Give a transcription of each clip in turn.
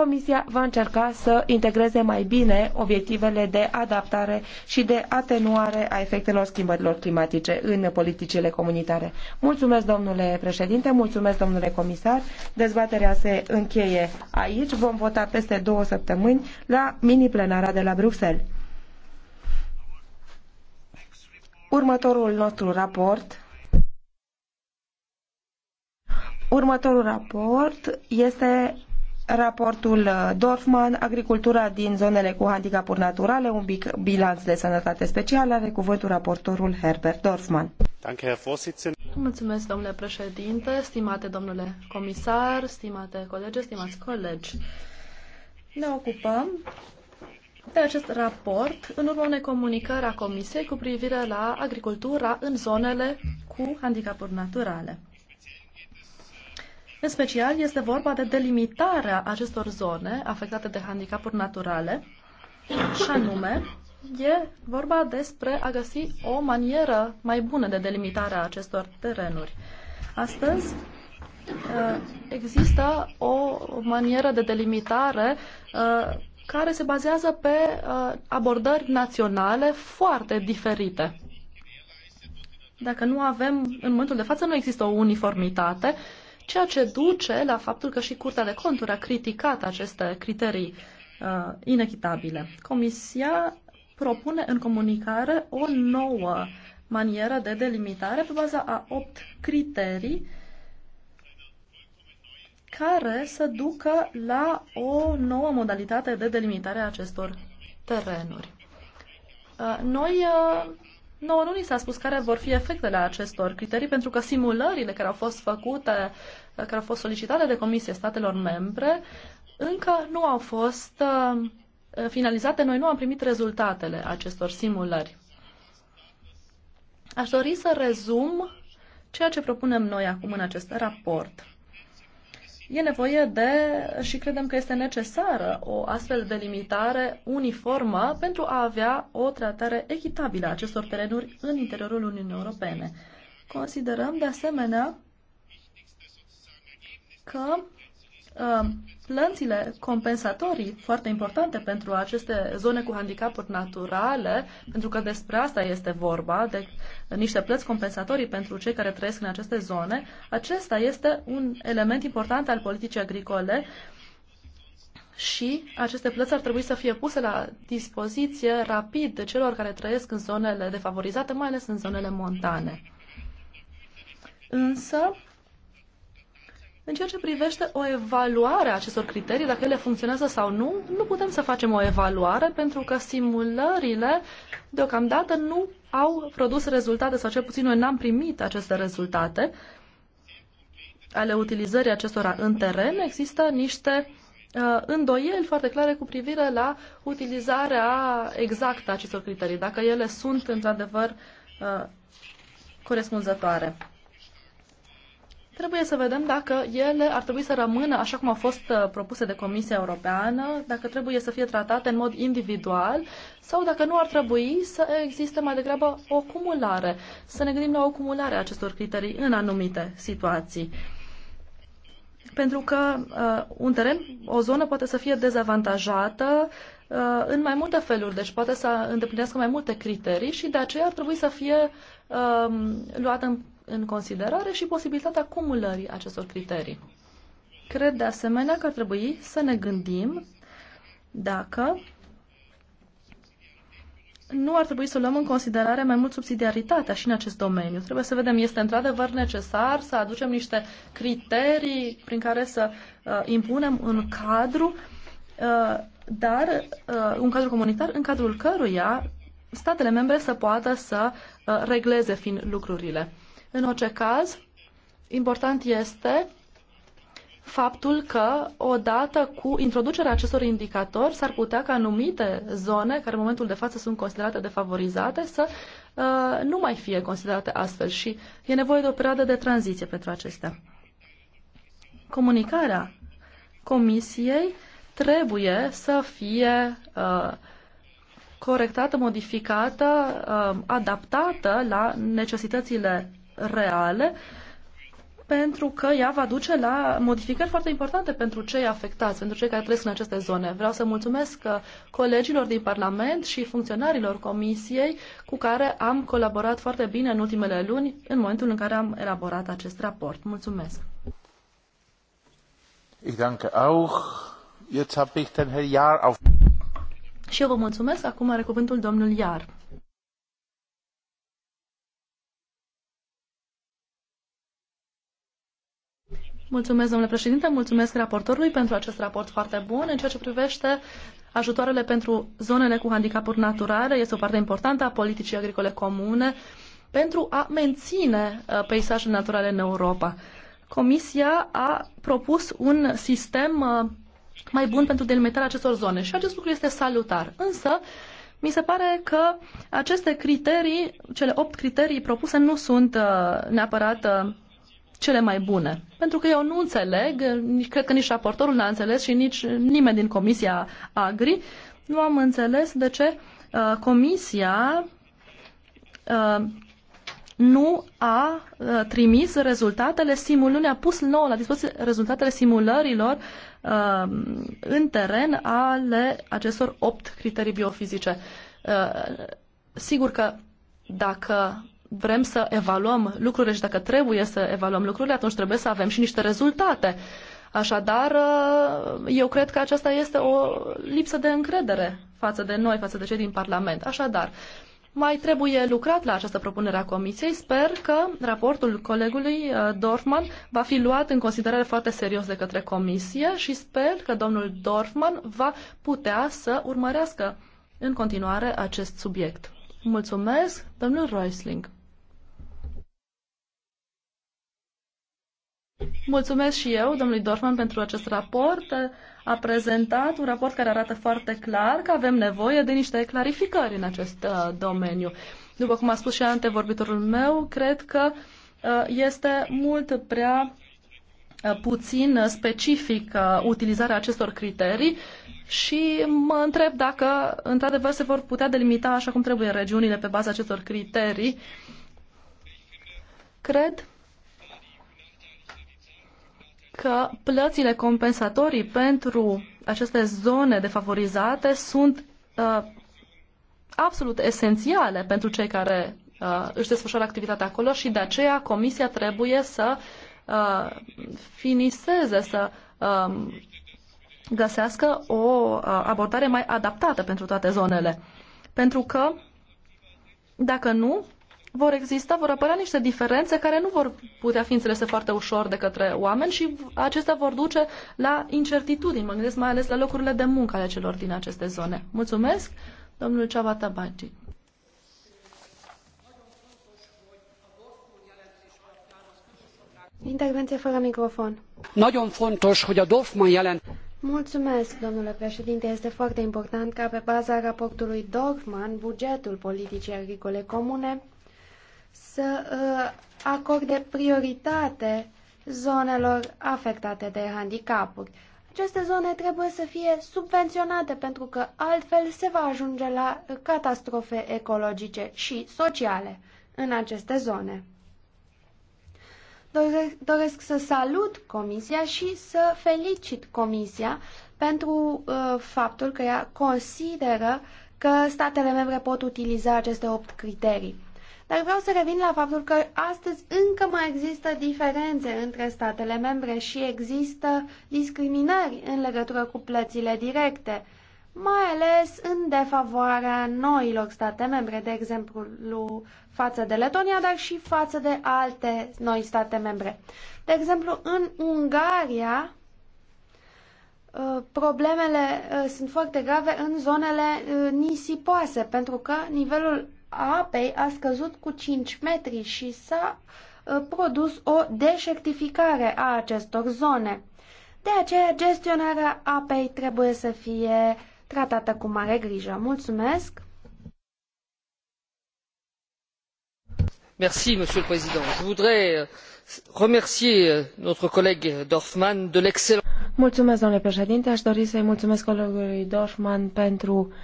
Comisia va încerca să integreze mai bine obiectivele de adaptare și de atenuare a efectelor schimbărilor climatice în politicile comunitare. Mulțumesc, domnule președinte, mulțumesc, domnule comisar. Dezbaterea se încheie aici. Vom vota peste două săptămâni la mini-plenara de la Bruxelles. Următorul nostru raport Următorul raport este raportul uh, Dorfman, agricultura din zonele cu handicapuri naturale, un bilanț de sănătate specială, are cuvântul raportorul Herbert Dorfman. Mulțumesc, domnule președinte, stimate domnule comisar, stimate colegi, stimați colegi. Ne ocupăm de acest raport în urma unei comunicări a Comisiei cu privire la agricultura în zonele cu handicapuri naturale. În special este vorba de delimitarea acestor zone afectate de handicapuri naturale și anume e vorba despre a găsi o manieră mai bună de delimitare a acestor terenuri. Astăzi uh, există o manieră de delimitare uh, care se bazează pe uh, abordări naționale foarte diferite. Dacă nu avem, în momentul de față, nu există o uniformitate ceea ce duce la faptul că și Curtea de Conturi a criticat aceste criterii uh, inechitabile. Comisia propune în comunicare o nouă manieră de delimitare pe baza a opt criterii care să ducă la o nouă modalitate de delimitare a acestor terenuri. Uh, noi uh, Nouă nu ni s-a spus care vor fi efectele acestor criterii, pentru că simulările care au fost făcute, care au fost solicitate de Comisie statelor membre, încă nu au fost uh, finalizate. Noi nu am primit rezultatele acestor simulări. Aș dori să rezum ceea ce propunem noi acum în acest raport. E nevoie de, și credem că este necesară, o astfel de limitare uniformă pentru a avea o tratare echitabilă a acestor terenuri în interiorul Uniunii Europene. Considerăm, de asemenea, că uh, plățile compensatorii, foarte importante pentru aceste zone cu handicapuri naturale, pentru că despre asta este vorba, de niște plăți compensatorii pentru cei care trăiesc în aceste zone, acesta este un element important al politicii agricole și aceste plăți ar trebui să fie puse la dispoziție rapid de celor care trăiesc în zonele defavorizate, mai ales în zonele montane. Însă, în ceea ce privește o evaluare a acestor criterii, dacă ele funcționează sau nu, nu putem să facem o evaluare pentru că simulările deocamdată nu au produs rezultate sau cel puțin noi n-am primit aceste rezultate ale utilizării acestora în teren. Există niște uh, îndoieli foarte clare cu privire la utilizarea exactă a acestor criterii, dacă ele sunt într-adevăr uh, corespunzătoare. Trebuie să vedem dacă ele ar trebui să rămână așa cum au fost uh, propuse de Comisia Europeană, dacă trebuie să fie tratate în mod individual sau dacă nu ar trebui să existe mai degrabă o cumulare, să ne gândim la o cumulare a acestor criterii în anumite situații. Pentru că uh, un teren, o zonă poate să fie dezavantajată uh, în mai multe feluri, deci poate să îndeplinească mai multe criterii și de aceea ar trebui să fie uh, luată în în considerare și posibilitatea cumulării acestor criterii. Cred de asemenea că ar trebui să ne gândim dacă nu ar trebui să luăm în considerare mai mult subsidiaritatea și în acest domeniu. Trebuie să vedem, este într-adevăr necesar să aducem niște criterii prin care să uh, impunem un cadru, uh, dar uh, un cadru comunitar în cadrul căruia statele membre să poată să uh, regleze fiind lucrurile. În orice caz, important este faptul că odată cu introducerea acestor indicatori s-ar putea ca anumite zone care în momentul de față sunt considerate defavorizate să uh, nu mai fie considerate astfel și e nevoie de o perioadă de tranziție pentru acestea. Comunicarea Comisiei trebuie să fie uh, corectată, modificată, uh, adaptată la necesitățile reale, pentru că ea va duce la modificări foarte importante pentru cei afectați, pentru cei care trăiesc în aceste zone. Vreau să mulțumesc uh, colegilor din Parlament și funcționarilor Comisiei cu care am colaborat foarte bine în ultimele luni, în momentul în care am elaborat acest raport. Mulțumesc! Ich danke auch. Jetzt habe ich den Herr Jahr auf. Și eu vă mulțumesc. Acum are cuvântul domnul Iar. Mulțumesc, domnule președinte, mulțumesc raportorului pentru acest raport foarte bun. În ceea ce privește ajutoarele pentru zonele cu handicapuri naturale, este o parte importantă a politicii agricole comune pentru a menține uh, peisajele naturale în Europa. Comisia a propus un sistem uh, mai bun pentru delimitarea acestor zone și acest lucru este salutar. Însă, mi se pare că aceste criterii, cele opt criterii propuse, nu sunt uh, neapărat cele mai bune. Pentru că eu nu înțeleg, cred că nici raportorul n-a înțeles și nici nimeni din Comisia Agri, nu am înțeles de ce uh, Comisia uh, nu a uh, trimis rezultatele simulării, a pus nouă la dispoziție rezultatele simulărilor uh, în teren ale acestor opt criterii biofizice. Uh, sigur că dacă vrem să evaluăm lucrurile și dacă trebuie să evaluăm lucrurile, atunci trebuie să avem și niște rezultate. Așadar, uh, eu cred că aceasta este o lipsă de încredere față de noi, față de cei din Parlament. Așadar, mai trebuie lucrat la această propunere a Comisiei. Sper că raportul colegului uh, Dorfman va fi luat în considerare foarte serios de către Comisie și sper că domnul Dorfman va putea să urmărească în continuare acest subiect. Mulțumesc, domnul Reusling. Mulțumesc și eu, domnului Dorfman, pentru acest raport. A prezentat un raport care arată foarte clar că avem nevoie de niște clarificări în acest uh, domeniu. După cum a spus și antevorbitorul meu, cred că uh, este mult prea uh, puțin specific utilizarea acestor criterii și mă întreb dacă, într-adevăr, se vor putea delimita așa cum trebuie regiunile pe baza acestor criterii. Cred că plățile compensatorii pentru aceste zone defavorizate sunt uh, absolut esențiale pentru cei care uh, își desfășoară activitatea acolo și de aceea Comisia trebuie să uh, finiseze, să uh, găsească o uh, abordare mai adaptată pentru toate zonele. Pentru că, dacă nu, vor exista, vor apărea niște diferențe care nu vor putea fi înțelese foarte ușor de către oameni și acestea vor duce la incertitudini. Mă gândesc mai ales la locurile de muncă ale celor din aceste zone. Mulțumesc, domnul Ceavata Bagi. Intervenție fără microfon. Nagyon fontos, hogy a Mulțumesc, domnule președinte. Este foarte important ca pe baza raportului Dorfman, bugetul politicii agricole comune să uh, acorde prioritate zonelor afectate de handicapuri. Aceste zone trebuie să fie subvenționate pentru că altfel se va ajunge la catastrofe ecologice și sociale în aceste zone. Doresc, doresc să salut Comisia și să felicit Comisia pentru uh, faptul că ea consideră că statele membre pot utiliza aceste opt criterii. Dar vreau să revin la faptul că astăzi încă mai există diferențe între statele membre și există discriminări în legătură cu plățile directe, mai ales în defavoarea noilor state membre, de exemplu față de Letonia, dar și față de alte noi state membre. De exemplu, în Ungaria, ă, problemele ă, sunt foarte grave în zonele ă, nisipoase, pentru că nivelul apei a scăzut cu 5 metri și s-a uh, produs o deșertificare a acestor zone. De aceea, gestionarea apei trebuie să fie tratată cu mare grijă. Mulțumesc! Merci, Monsieur le Président. Je voudrais euh, remercier euh, notre collègue Dorfman de l'excellent. Mulțumesc, domnule președinte. Aș dori să-i mulțumesc colegului Dorfman pentru uh,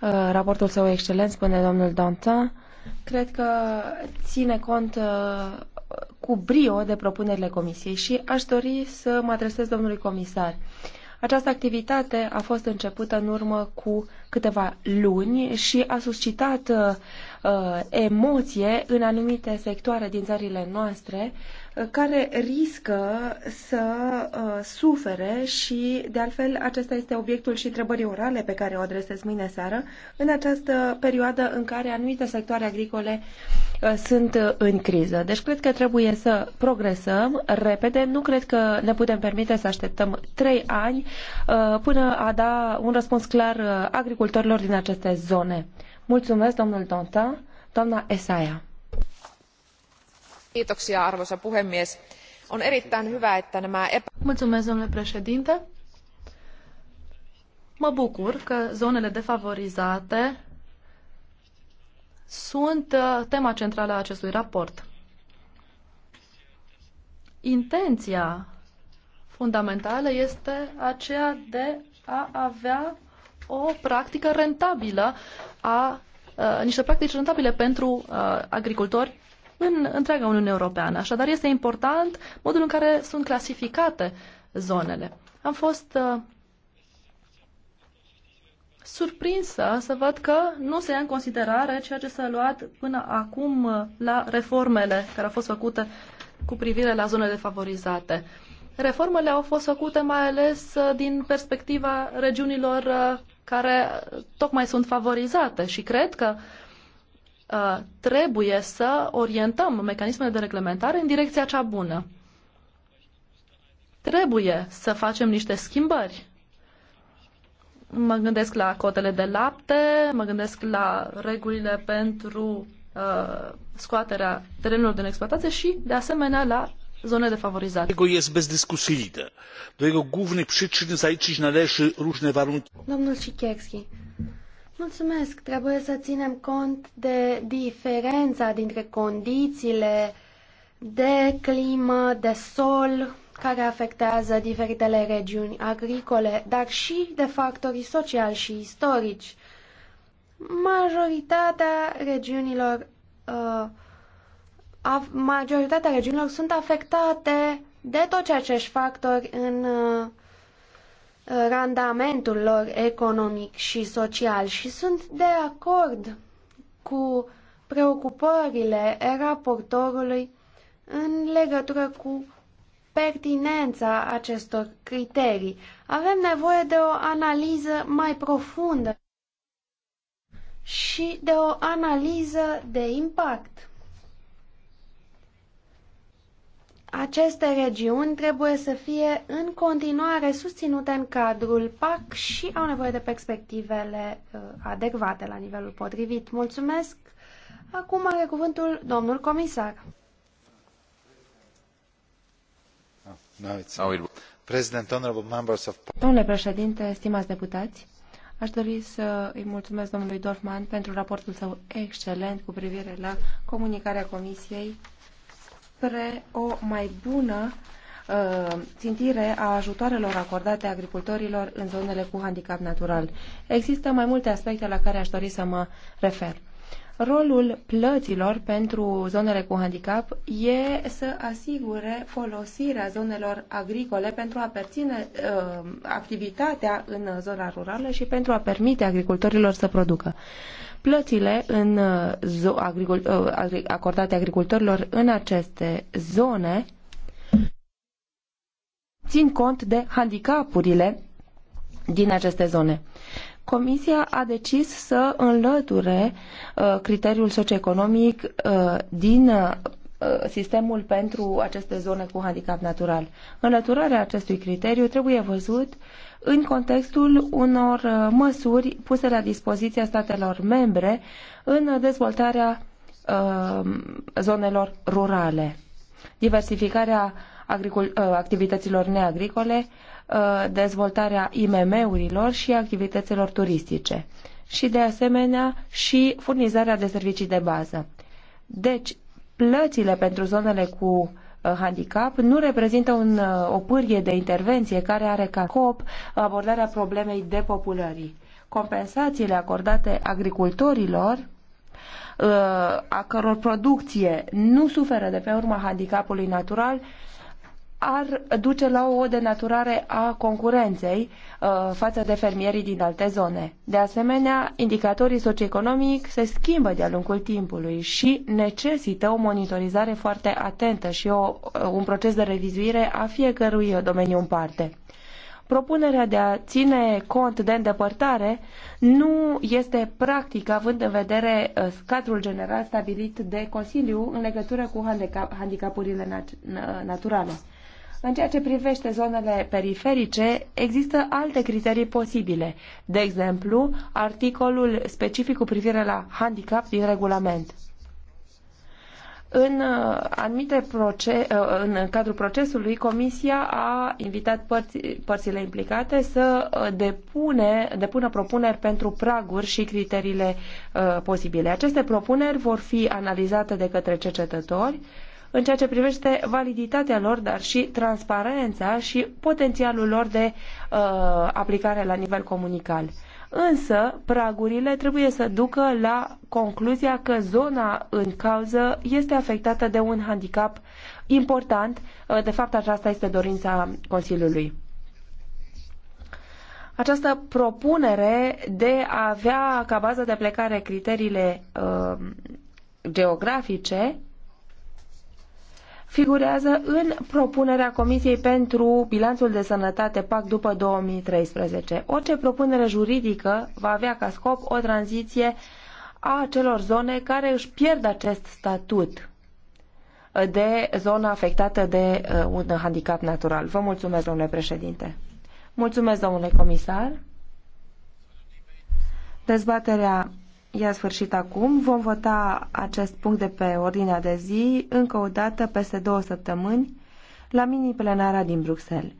Uh, raportul său excelent, spune domnul Dantin, cred că ține cont uh, cu brio de propunerile comisiei și aș dori să mă adresez domnului comisar. Această activitate a fost începută în urmă cu câteva luni și a suscitat uh, uh, emoție în anumite sectoare din țările noastre uh, care riscă să uh, sufere și, de altfel, acesta este obiectul și întrebării orale pe care o adresez mâine seară, în această perioadă în care anumite sectoare agricole uh, sunt în criză. Deci cred că trebuie să progresăm repede. Nu cred că ne putem permite să așteptăm trei ani uh, până a da un răspuns clar uh, agricultorilor din aceste zone. Mulțumesc, domnul Donta. Doamna Esaia. Kiitoksia, arvoisa puhemies. On erittäin hyvä, että nämä... Mulțumesc, domnule președinte. Mă bucur că zonele defavorizate sunt uh, tema centrală a acestui raport. Intenția fundamentală este aceea de a avea o practică rentabilă a niște practici rentabile pentru uh, agricultori în întreaga Uniune Europeană. Așadar, este important modul în care sunt clasificate zonele. Am fost uh, surprinsă să văd că nu se ia în considerare ceea ce s-a luat până acum la reformele care au fost făcute cu privire la zonele defavorizate. Uh, Reformele au fost făcute mai ales uh, din perspectiva regiunilor uh, care uh, tocmai sunt favorizate și cred că trebuie să orientăm mecanismele de reglementare în direcția cea bună. Trebuie să facem niște schimbări. Mă gândesc la cotele de lapte, mă gândesc la regulile pentru uh, scoaterea terenurilor din exploatație și, de asemenea, la zone defavorizate. jest bezdyskusyjne. Do jego głównych przyczyn zaliczyć należy różne warunki. Domnul Sikierski, mulțumesc. Trebuie să ținem cont de diferența dintre condițiile de climă, de sol, care afectează diferitele regiuni agricole, dar și de factorii sociali și istorici. Majoritatea regiunilor uh, majoritatea regiunilor sunt afectate de tot ceea ce își factori în uh, randamentul lor economic și social și sunt de acord cu preocupările raportorului în legătură cu pertinența acestor criterii. Avem nevoie de o analiză mai profundă și de o analiză de impact. Aceste regiuni trebuie să fie în continuare susținute în cadrul PAC și au nevoie de perspectivele uh, adecvate la nivelul potrivit. Mulțumesc! Acum are cuvântul domnul comisar. Domnule președinte, stimați deputați, aș dori să îi mulțumesc domnului Dorfman pentru raportul său excelent cu privire la comunicarea Comisiei spre o mai bună uh, țintire a ajutoarelor acordate agricultorilor în zonele cu handicap natural. Există mai multe aspecte la care aș dori să mă refer. Rolul plăților pentru zonele cu handicap e să asigure folosirea zonelor agricole pentru a perține uh, activitatea în zona rurală și pentru a permite agricultorilor să producă. Plățile în, uh, zo- agricul- uh, acordate agricultorilor în aceste zone țin cont de handicapurile din aceste zone. Comisia a decis să înlăture uh, criteriul socioeconomic uh, din uh, sistemul pentru aceste zone cu handicap natural. Înlăturarea acestui criteriu trebuie văzut în contextul unor măsuri puse la dispoziția statelor membre în dezvoltarea zonelor rurale. Diversificarea activităților neagricole, Uh, dezvoltarea IMM-urilor și activităților turistice și de asemenea și furnizarea de servicii de bază. Deci, plățile pentru zonele cu uh, handicap nu reprezintă un, uh, o pârghie de intervenție care are ca scop abordarea problemei depopulării. Compensațiile acordate agricultorilor a căror producție nu suferă de pe urma handicapului natural ar duce la o denaturare a concurenței uh, față de fermierii din alte zone. De asemenea, indicatorii socioeconomic se schimbă de-a lungul timpului și necesită o monitorizare foarte atentă și o, uh, un proces de revizuire a fiecărui domeniu în parte. Propunerea de a ține cont de îndepărtare nu este practică având în vedere uh, cadrul general stabilit de Consiliu în legătură cu handicapurile naturale. În ceea ce privește zonele periferice, există alte criterii posibile. De exemplu, articolul specific cu privire la handicap din regulament. În, uh, anumite proce- uh, în cadrul procesului, Comisia a invitat părți, părțile implicate să uh, depune, depună propuneri pentru praguri și criteriile uh, posibile. Aceste propuneri vor fi analizate de către cercetători în ceea ce privește validitatea lor, dar și transparența și potențialul lor de uh, aplicare la nivel comunical. Însă, pragurile trebuie să ducă la concluzia că zona în cauză este afectată de un handicap important. Uh, de fapt, aceasta este dorința Consiliului această propunere de a avea ca bază de plecare criteriile uh, geografice figurează în propunerea Comisiei pentru Bilanțul de Sănătate PAC după 2013. Orice propunere juridică va avea ca scop o tranziție a acelor zone care își pierd acest statut de zonă afectată de uh, un handicap natural. Vă mulțumesc, domnule președinte. Mulțumesc, domnule comisar. Dezbaterea Ia sfârșit acum. Vom vota acest punct de pe ordinea de zi încă o dată peste două săptămâni la mini-plenara din Bruxelles.